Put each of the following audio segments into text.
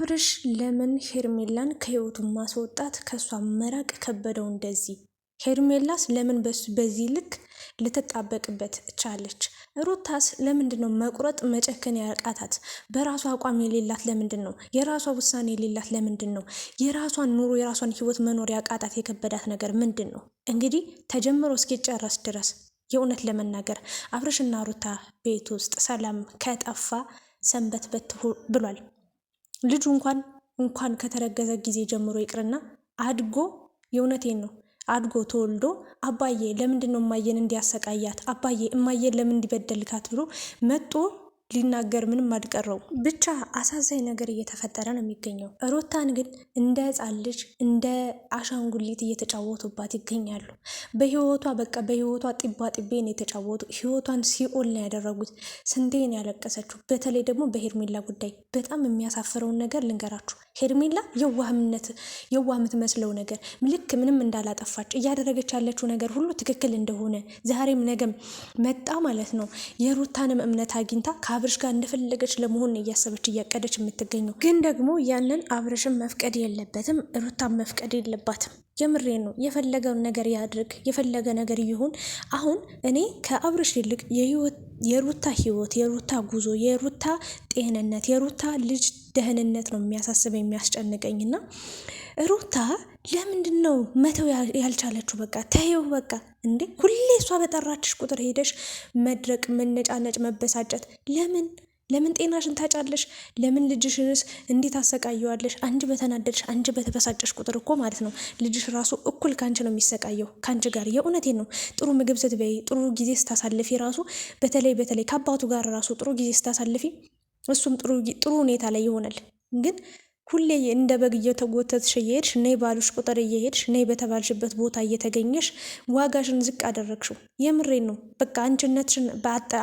አብርሽ ለምን ሄርሜላን ከህይወቱ ማስወጣት ከእሷ መራቅ ከበደው? እንደዚህ ሄርሜላስ ለምን በዚህ ልክ ልትጣበቅበት ቻለች? ሩታስ ለምንድን ነው መቁረጥ መጨከን ያቃታት? በራሷ አቋም የሌላት ለምንድን ነው? የራሷ ውሳኔ የሌላት ለምንድን ነው? የራሷን ኑሮ የራሷን ህይወት መኖር ያቃታት የከበዳት ነገር ምንድን ነው? እንግዲህ ተጀምሮ እስኪጨረስ ድረስ የእውነት ለመናገር አብርሽና ሩታ ቤት ውስጥ ሰላም ከጠፋ ሰንበት በት ብሏል። ልጁ እንኳን እንኳን ከተረገዘ ጊዜ ጀምሮ ይቅርና አድጎ የእውነቴን ነው አድጎ ተወልዶ አባዬ ለምንድን ነው እማየን እንዲያሰቃያት አባዬ እማየን ለምን እንዲበደልካት ብሎ መጦ ሊናገር ምንም አልቀረው። ብቻ አሳዛኝ ነገር እየተፈጠረ ነው የሚገኘው። ሩታን ግን እንደ ህፃን ልጅ እንደ አሻንጉሊት እየተጫወቱባት ይገኛሉ። በህይወቷ በቃ በህይወቷ ጢባ ጢቤን የተጫወቱ ህይወቷን ሲኦል ነው ያደረጉት። ስንቴን ያለቀሰችው በተለይ ደግሞ በሄርሜላ ጉዳይ በጣም የሚያሳፍረውን ነገር ልንገራችሁ። ሄርሜላ የዋህምነት የዋህ የምትመስለው ነገር ልክ ምንም እንዳላጠፋች እያደረገች ያለችው ነገር ሁሉ ትክክል እንደሆነ ዛሬም ነገም መጣ ማለት ነው የሩታንም እምነት አግኝታ አብርሽ ጋር እንደፈለገች ለመሆን እያሰበች እያቀደች የምትገኘው ግን ደግሞ ያንን አብርሽን መፍቀድ የለበትም፣ ሩታን መፍቀድ የለባትም። የምሬ ነው። የፈለገውን ነገር ያድርግ፣ የፈለገ ነገር ይሁን። አሁን እኔ ከአብርሽ ይልቅ የሩታ ህይወት፣ የሩታ ጉዞ፣ የሩታ ጤንነት፣ የሩታ ልጅ ደህንነት ነው የሚያሳስበ የሚያስጨንቀኝና ሩታ ለምንድን ነው መተው ያልቻለችው? በቃ ተይው በቃ እንዴ! ሁሌ እሷ በጠራችሽ ቁጥር ሄደሽ መድረቅ፣ መነጫነጭ፣ መበሳጨት ለምን ለምን ጤናሽን ታጫለሽ? ለምን ልጅሽንስ እንዴት አሰቃየዋለሽ? አንቺ በተናደድሽ አንቺ በተበሳጨሽ ቁጥር እኮ ማለት ነው ልጅሽ ራሱ እኩል ከአንቺ ነው የሚሰቃየው ከአንቺ ጋር። የእውነቴን ነው። ጥሩ ምግብ ስትበይ፣ ጥሩ ጊዜ ስታሳልፊ ራሱ በተለይ በተለይ ከአባቱ ጋር ራሱ ጥሩ ጊዜ ስታሳልፊ እሱም ጥሩ ሁኔታ ላይ ይሆናል ግን ሁሌ እንደ በግ እየተጎተትሽ እየሄድሽ ነይ ባሉሽ ቁጥር እየሄድሽ ነይ በተባልሽበት ቦታ እየተገኘሽ ዋጋሽን ዝቅ አደረግሽው። የምሬን ነው። በቃ አንችነትሽን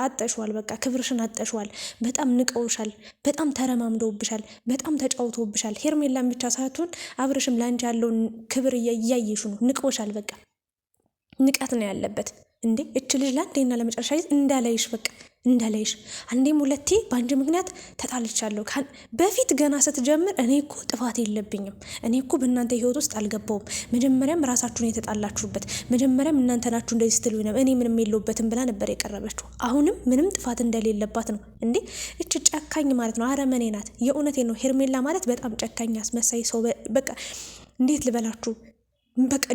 አጠሽዋል። በቃ ክብርሽን አጠሽዋል። በጣም ንቀውሻል። በጣም ተረማምደውብሻል። በጣም ተጫውተውብሻል። ሄርሜላን ብቻ ሳትሆን አብርሽም ለአንቺ ያለውን ክብር እያየሹ ነው። ንቀውሻል። በቃ ንቀት ነው ያለበት እንዴ! እች ልጅ ለአንዴና ለመጨረሻ ጊዜ እንዳላይሽ በቃ እንዳለይሽ አንዴም ሁለቴ በአንድ ምክንያት ተጣልቻለሁ። በፊት ገና ስትጀምር እኔ እኮ ጥፋት የለብኝም፣ እኔ እኮ በእናንተ ህይወት ውስጥ አልገባውም፣ መጀመሪያም ራሳችሁን የተጣላችሁበት፣ መጀመሪያም እናንተ ናችሁ እንደዚህ ስትሉ እኔ ምንም የለውበትም ብላ ነበር የቀረበችው። አሁንም ምንም ጥፋት እንደሌለባት ነው። እንዴ እች ጨካኝ ማለት ነው፣ አረመኔ ናት። የእውነቴ ነው። ሄርሜላ ማለት በጣም ጨካኝ አስመሳይ ሰው በቃ እንዴት ልበላችሁ በቃ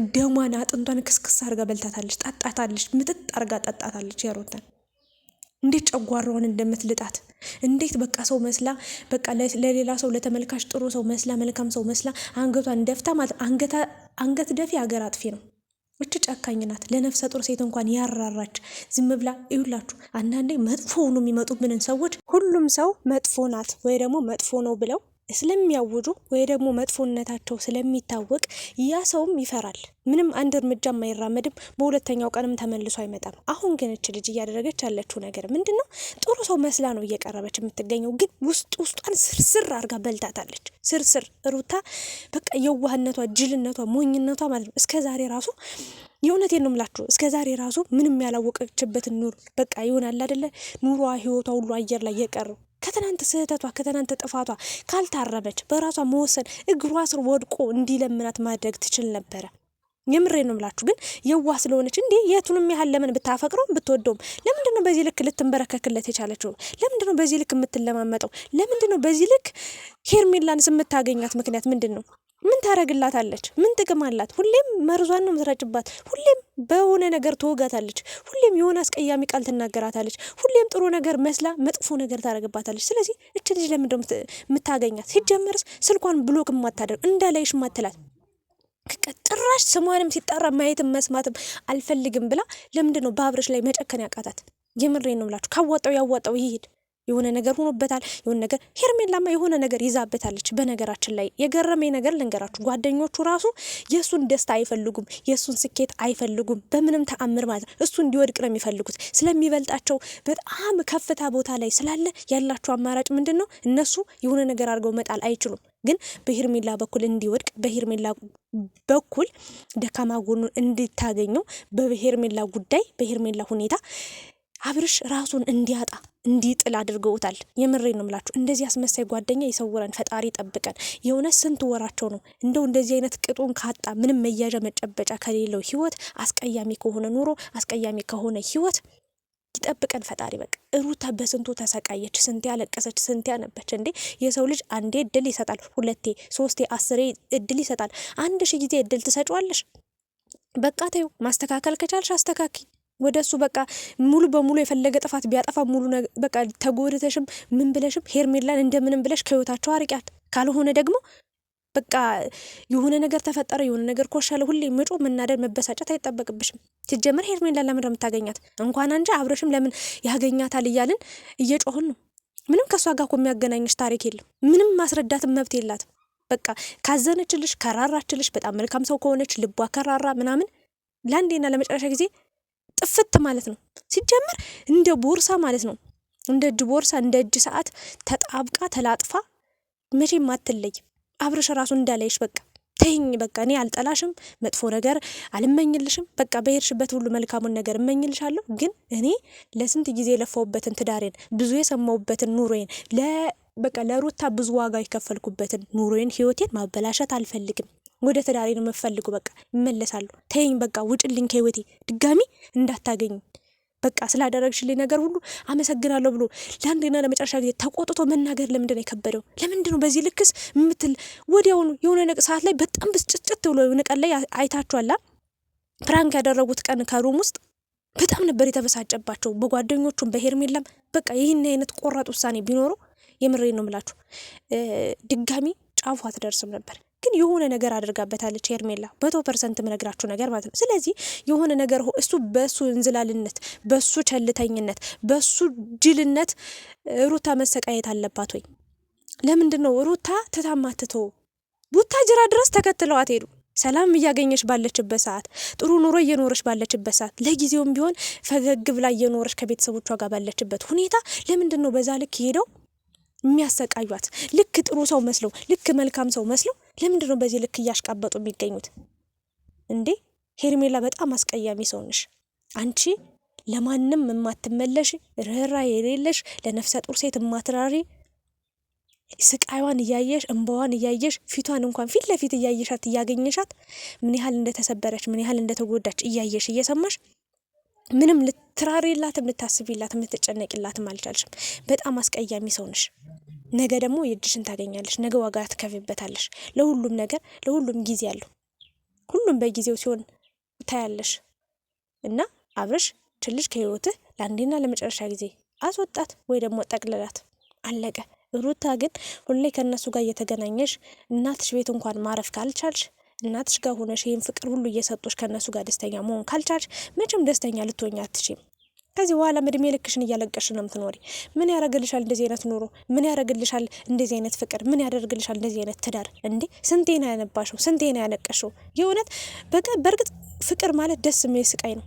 አጥንቷን ክስክስ አርጋ በልታታለች፣ ጠጣታለች፣ ምጥጥ አርጋ ጠጣታለች። የሮተን እንዴት ጨጓራውን እንደምትልጣት እንዴት በቃ ሰው መስላ በቃ ለሌላ ሰው ለተመልካች ጥሩ ሰው መስላ መልካም ሰው መስላ አንገቷን ደፍታ ማለት አንገት ደፊ ሀገር አጥፊ ነው። እች ጨካኝ ናት። ለነፍሰ ጡር ሴት እንኳን ያራራች ዝም ብላ እዩላችሁ። አንዳንዴ መጥፎ ሆኖ የሚመጡብንን ሰዎች ሁሉም ሰው መጥፎ ናት ወይ ደግሞ መጥፎ ነው ብለው ስለሚያውጁ ወይ ደግሞ መጥፎነታቸው ስለሚታወቅ ያ ሰውም ይፈራል። ምንም አንድ እርምጃ የማይራመድም በሁለተኛው ቀንም ተመልሶ አይመጣም። አሁን ግን እች ልጅ እያደረገች ያለችው ነገር ምንድን ነው? ጥሩ ሰው መስላ ነው እየቀረበች የምትገኘው፣ ግን ውስጥ ውስጧን ስርስር አድርጋ በልታታለች። ስርስር ሩታ በቃ የዋህነቷ፣ ጅልነቷ፣ ሞኝነቷ ማለት ነው እስከ ዛሬ ራሱ የእውነት ነው ምላችሁ እስከ ዛሬ ራሱ ምንም ያላወቀችበትን ኑሮ በቃ ይሆናል አደለ ኑሯ ህይወቷ ሁሉ አየር ላይ የቀረው ከትናንት ስህተቷ ከትናንት ጥፋቷ ካልታረመች በራሷ መወሰን እግሯ ስር ወድቆ እንዲለምናት ማድረግ ትችል ነበረ። የምሬ ነው ምላችሁ። ግን የዋ ስለሆነች እንዴ የቱንም ያህል ለምን ብታፈቅረውም ብትወደውም፣ ለምንድን ነው በዚህ ልክ ልትንበረከክለት የቻለችው? ለምንድን ነው በዚህ ልክ የምትለማመጠው? ለምንድን ነው በዚህ ልክ ሄርሜላንስ የምታገኛት ምክንያት ምንድን ነው? ምን ታረግላታለች? ምን ጥቅም አላት? ሁሌም መርዟን ነው ምትረጭባት። ሁሌም በሆነ ነገር ትወጋታለች። ሁሌም የሆነ አስቀያሚ ቃል ትናገራታለች። ሁሌም ጥሩ ነገር መስላ መጥፎ ነገር ታረግባታለች። ስለዚህ እች ልጅ ለምንደ የምታገኛት? ሲጀመርስ ስልኳን ብሎክ ማታደርግ እንዳላይሽ ማትላት ጭራሽ ስሟንም ሲጠራ ማየትም መስማትም አልፈልግም ብላ ለምንድን ነው ላይ መጨከን ያቃታት? የምሬ ነው ብላችሁ ካዋጣው ያዋጣው ይሄድ። የሆነ ነገር ሆኖበታል። የሆነ ነገር ሄርሜላማ የሆነ ነገር ይዛበታለች። በነገራችን ላይ የገረመኝ ነገር ልንገራችሁ፣ ጓደኞቹ ራሱ የእሱን ደስታ አይፈልጉም፣ የእሱን ስኬት አይፈልጉም በምንም ተአምር ማለት ነው። እሱ እንዲወድቅ ነው የሚፈልጉት። ስለሚበልጣቸው በጣም ከፍታ ቦታ ላይ ስላለ ያላቸው አማራጭ ምንድን ነው? እነሱ የሆነ ነገር አድርገው መጣል አይችሉም። ግን በሄርሜላ በኩል እንዲወድቅ በሄርሜላ በኩል ደካማ ጎኑን እንድታገኘው በሄርሜላ ጉዳይ በሄርሜላ ሁኔታ አብርሽ ራሱን እንዲያጣ እንዲጥል አድርገውታል። የምሬ ነው ምላችሁ። እንደዚህ አስመሳይ ጓደኛ ይሰውረን ፈጣሪ ጠብቀን። የእውነት ስንት ወራቸው ነው እንደው እንደዚህ አይነት ቅጡን ካጣ ምንም መያዣ መጨበጫ ከሌለው ህይወት አስቀያሚ ከሆነ ኑሮ አስቀያሚ ከሆነ ህይወት ይጠብቀን ፈጣሪ። በቃ ሩታ በስንቱ ተሰቃየች፣ ስንቴ ያለቀሰች፣ ስንቴ ያነበች። እንዴ የሰው ልጅ አንዴ እድል ይሰጣል፣ ሁለቴ፣ ሶስቴ፣ አስሬ እድል ይሰጣል። አንድ ሺ ጊዜ እድል ትሰጫዋለሽ። በቃ ማስተካከል ከቻልሽ አስተካኪ። ወደ እሱ በቃ ሙሉ በሙሉ የፈለገ ጥፋት ቢያጠፋ ሙሉ በቃ ተጎድተሽም ምን ብለሽም ሄርሜላን እንደምንም ብለሽ ከህይወታቸው አርቂያት። ካልሆነ ደግሞ በቃ የሆነ ነገር ተፈጠረ፣ የሆነ ነገር ኮሻለ፣ ሁሌ መጮ መናደድ፣ መበሳጨት አይጠበቅብሽም። ሲጀመር ሄርሜላን ለምን የምታገኛት እንኳን አንጃ አብረሽም ለምን ያገኛታል እያልን እየጮህን ነው። ምንም ከእሷ ጋር እኮ የሚያገናኝሽ ታሪክ የለም። ምንም ማስረዳትም መብት የላትም። በቃ ካዘነችልሽ፣ ከራራችልሽ፣ በጣም መልካም ሰው ከሆነች ልቧ ከራራ ምናምን ለአንዴና ለመጨረሻ ጊዜ ጥፍት ማለት ነው። ሲጀመር እንደ ቦርሳ ማለት ነው። እንደ እጅ ቦርሳ፣ እንደ እጅ ሰዓት ተጣብቃ ተላጥፋ መቼም አትለይ አብርሽ ራሱ እንዳላይሽ በቃ ተይኝ በቃ እኔ አልጠላሽም፣ መጥፎ ነገር አልመኝልሽም። በቃ በሄድሽበት ሁሉ መልካሙን ነገር እመኝልሻለሁ። ግን እኔ ለስንት ጊዜ የለፋውበትን ትዳሬን ብዙ የሰማውበትን ኑሮዬን በቃ ለሩታ ብዙ ዋጋ የከፈልኩበትን ኑሮዬን ህይወቴን ማበላሸት አልፈልግም። ወደ ትዳሬ ነው የምፈልጉ። በቃ ይመለሳሉ። ተይኝ፣ በቃ ውጭልኝ ከህይወቴ ድጋሚ እንዳታገኝ። በቃ ስላደረግሽልኝ ነገር ሁሉ አመሰግናለሁ ብሎ ለአንድና ለመጨረሻ ጊዜ ተቆጥቶ መናገር ለምንድን ነው የከበደው? ለምንድን ነው በዚህ ልክስ የምትል? ወዲያውኑ የሆነ ነቅ ሰዓት ላይ በጣም ብስጭጭት ብሎ የሆነ ቀን ላይ አይታችኋላ። ፕራንክ ያደረጉት ቀን ከሩም ውስጥ በጣም ነበር የተበሳጨባቸው በጓደኞቹም በሄርሜላም። በቃ ይህን አይነት ቆራጥ ውሳኔ ቢኖረው የምሬ ነው ምላችሁ ድጋሚ ጫፉ አትደርስም ነበር። ግን የሆነ ነገር አድርጋበታለች ሄርሜላ መቶ ፐርሰንት ምነግራችሁ ነገር ማለት ነው። ስለዚህ የሆነ ነገር እሱ በሱ እንዝላልነት፣ በሱ ቸልተኝነት፣ በሱ ጅልነት ሩታ መሰቃየት አለባት ወይ? ለምንድን ነው ሩታ ተታማትቶ ቡታ ጅራ ድረስ ተከትለዋት ሄዱ? ሰላም እያገኘች ባለችበት ሰዓት ጥሩ ኑሮ እየኖረች ባለችበት ሰዓት ለጊዜውም ቢሆን ፈገግ ብላ እየኖረች ከቤተሰቦቿ ጋር ባለችበት ሁኔታ ለምንድን ነው በዛ ልክ ሄደው የሚያሰቃዩት ልክ ጥሩ ሰው መስለው ልክ መልካም ሰው መስለው ለምንድን ነው በዚህ ልክ እያሽቃበጡ የሚገኙት እንዴ? ሄርሜላ በጣም አስቀያሚ ሰው ነሽ አንቺ። ለማንም የማትመለሽ ርኅራ የሌለሽ ለነፍሰ ጡር ሴት የማትራሪ ስቃይዋን እያየሽ እንባዋን እያየሽ ፊቷን እንኳን ፊት ለፊት እያየሻት እያገኘሻት ምን ያህል እንደተሰበረች ምን ያህል እንደተጎዳች እያየሽ እየሰማሽ ምንም ልትራሪላትም ልታስቢላትም ልትጨነቂላትም አልቻልሽም። በጣም አስቀያሚ ሰው ነሽ። ነገ ደግሞ የእድሽን ታገኛለሽ። ነገ ዋጋ ትከፍይበታለሽ። ለሁሉም ነገር ለሁሉም ጊዜ አለው። ሁሉም በጊዜው ሲሆን ታያለሽ። እና አብረሽ ችልሽ ከህይወትህ ለአንዴና ለመጨረሻ ጊዜ አስወጣት ወይ ደግሞ ጠቅልላት። አለቀ። ሩታ ግን ሁሌ ከእነሱ ጋር እየተገናኘሽ እናትሽ ቤት እንኳን ማረፍ ካልቻልሽ እናትሽ ጋር ሆነሽ ይህን ፍቅር ሁሉ እየሰጡሽ ከእነሱ ጋር ደስተኛ መሆን ካልቻልሽ መቼም ደስተኛ ልትሆኝ አትችም። ከዚህ በኋላ እድሜ ልክሽን እያለቀሽ ነው የምትኖሪ። ምን ያደርግልሻል እንደዚህ አይነት ኑሮ? ምን ያደረግልሻል እንደዚህ አይነት ፍቅር? ምን ያደርግልሻል እንደዚህ አይነት ትዳር? እንዴ ስንቴ ነው ያነባሽው? ስንቴ ነው ያለቀሽው? የእውነት በእርግጥ ፍቅር ማለት ደስ የሚል ስቃይ ነው።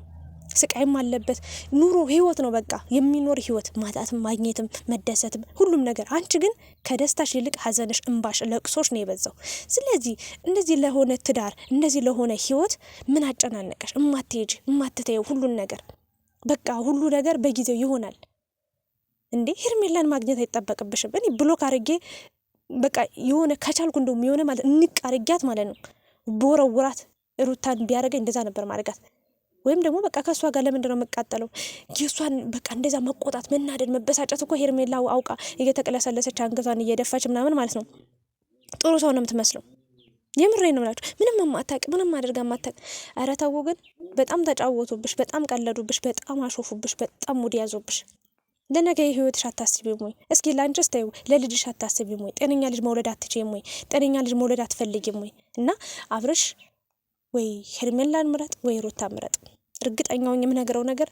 ስቃይም አለበት። ኑሮ ህይወት ነው በቃ የሚኖር ህይወት፣ ማጣትም፣ ማግኘትም፣ መደሰትም ሁሉም ነገር። አንቺ ግን ከደስታሽ ይልቅ ሀዘንሽ እንባሽ፣ ለቅሶሽ ነው የበዛው። ስለዚህ እንደዚህ ለሆነ ትዳር እንደዚህ ለሆነ ህይወት ምን አጨናነቀሽ? እማትሄጅ እማትተየው ሁሉን ነገር በቃ ሁሉ ነገር በጊዜው ይሆናል። እንዴ ሄርሜላን ማግኘት አይጠበቅብሽም። እኔ ብሎክ አርጌ በቃ የሆነ ከቻልኩ እንደውም የሆነ ማለት ንቅ አርጊያት ማለት ነው በወረውራት ሩታን ቢያደርገኝ እንደዛ ነበር ማድረጋት። ወይም ደግሞ በቃ ከእሷ ጋር ለምንድን ነው የምቃጠለው? የእሷን በቃ እንደዛ መቆጣት፣ መናደድ፣ መበሳጨት እኮ ሄርሜላ አውቃ እየተቀለሰለሰች አንገቷን እየደፋች ምናምን ማለት ነው። ጥሩ ሰው ነው የምትመስለው። የምሬ ነው ብላችሁ ምንም ማታቅ ምንም አድርጋ የማታውቅ ኧረ ተው ግን በጣም ተጫወቱብሽ፣ በጣም ቀለዱብሽ፣ በጣም አሾፉብሽ፣ በጣም ሙድ ያዞብሽ። ለነገ የህይወትሽ አታስቢም ወይ? እስኪ ላንቺስ ተይው፣ ለልጅሽ አታስቢም ወይ? ጤነኛ ልጅ መውለድ አትችም ወይ? ጤነኛ ልጅ መውለድ አትፈልጊም ወይ? እና አብርሽ ወይ ሄርሜላን ምረጥ ወይ ሮታ ምረጥ። እርግጠኛውን የምነግረው ነገር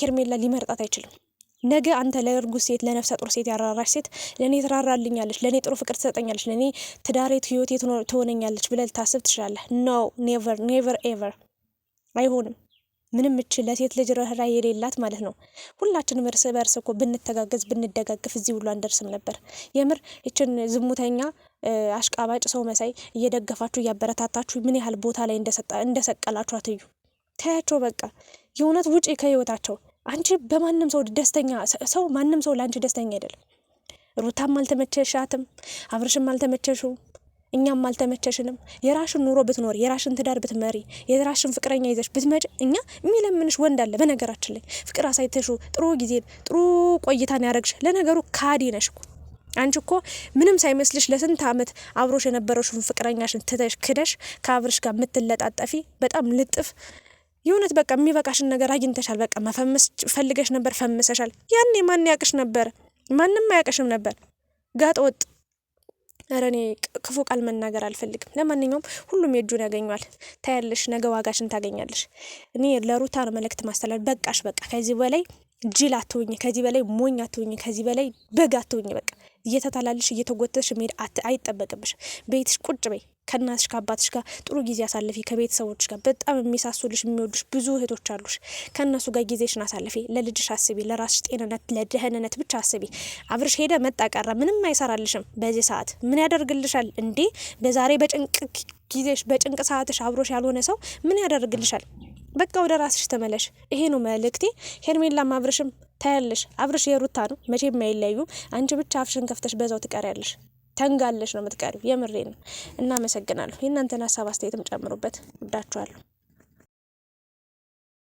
ሄርሜላ ሊመርጣት አይችልም። ነገ አንተ ለእርጉዝ ሴት ለነፍሰ ጡር ሴት ያራራሽ ሴት ለእኔ ትራራልኛለች፣ ለእኔ ጥሩ ፍቅር ትሰጠኛለች፣ ለእኔ ትዳሬት ህይወቴ ትሆነኛለች ብለህ ልታስብ ትችላለህ። ኖ ኔቨር ኔቨር ኤቨር አይሆንም። ምንም እችል ለሴት ልጅ ርኅራኄ የሌላት ማለት ነው። ሁላችንም እርስ በርስ እኮ ብንተጋገዝ ብንደጋግፍ እዚህ ሁሉ አንደርስም ነበር። የምር እችን ዝሙተኛ አሽቃባጭ ሰው መሳይ እየደገፋችሁ እያበረታታችሁ ምን ያህል ቦታ ላይ እንደሰቀላችሁ አትዩ። ተያቸው በቃ የእውነት ውጪ ከህይወታቸው። አንቺ በማንም ሰው ደስተኛ ሰው ማንም ሰው ለአንቺ ደስተኛ አይደለም። ሩታም አልተመቸሻትም፣ አብርሽም አልተመቸሹ እኛም አልተመቸሽንም። የራሽን ኑሮ ብትኖር የራሽን ትዳር ብትመሪ የራሽን ፍቅረኛ ይዘሽ ብትመጭ እኛ የሚለምንሽ ወንድ አለ። በነገራችን ላይ ፍቅር አሳይተሹ ጥሩ ጊዜ ጥሩ ቆይታን ያደረግሽ ለነገሩ ካዲ ነሽ እኮ አንቺ እኮ ምንም ሳይመስልሽ ለስንት አመት አብሮሽ የነበረሽን ፍቅረኛሽን ትተሽ ክደሽ ከአብርሽ ጋር የምትለጣጠፊ በጣም ልጥፍ የእውነት በቃ የሚበቃሽን ነገር አግኝተሻል። በቃ መፈመስ ፈልገሽ ነበር፣ ፈምሰሻል። ያኔ ማን ያቅሽ ነበር? ማንም አያቅሽም ነበር። ጋጥ ወጥ ኧረ እኔ ክፉ ቃል መናገር አልፈልግም። ለማንኛውም ሁሉም የእጁን ያገኘዋል። ታያለሽ፣ ነገ ዋጋሽን ታገኛለሽ። እኔ ለሩታ ነው መልእክት ማስተላለፍ። በቃሽ፣ በቃ ከዚህ በላይ ጅል አትሆኝ፣ ከዚህ በላይ ሞኝ አትሆኝ፣ ከዚህ በላይ በግ አትሆኝ። በቃ እየተታላልሽ እየተጎተሽ መሄድ አይጠበቅብሽ። ቤትሽ ቁጭ በይ፣ ከእናትሽ ከአባትሽ ጋር ጥሩ ጊዜ አሳልፊ፣ ከቤተሰቦች ጋር በጣም የሚሳሱልሽ የሚወዱሽ ብዙ እህቶች አሉሽ። ከእነሱ ጋር ጊዜሽን አሳልፊ፣ ለልጅሽ አስቢ፣ ለራስሽ ጤንነት ለደህንነት ብቻ አስቢ። አብርሽ ሄደ መጣ ቀረ ምንም አይሰራልሽም። በዚህ ሰዓት ምን ያደርግልሻል እንዴ? በዛሬ በጭንቅ ጊዜሽ በጭንቅ ሰዓትሽ አብሮሽ ያልሆነ ሰው ምን ያደርግልሻል? በቃ ወደ ራስሽ ተመለሽ። ይሄ ነው መልእክቴ። ሄርሜላም አብርሽም ታያለሽ፣ አብርሽ የሩታ ነው መቼም አይለዩ። አንቺ ብቻ አፍሽን ከፍተሽ በዛው ትቀሪያለሽ፣ ተንጋለሽ ነው የምትቀሪው። የምሬ ነው። እናመሰግናለሁ። የእናንተን ሀሳብ አስተያየትም ጨምሩበት። ወዳችኋለሁ።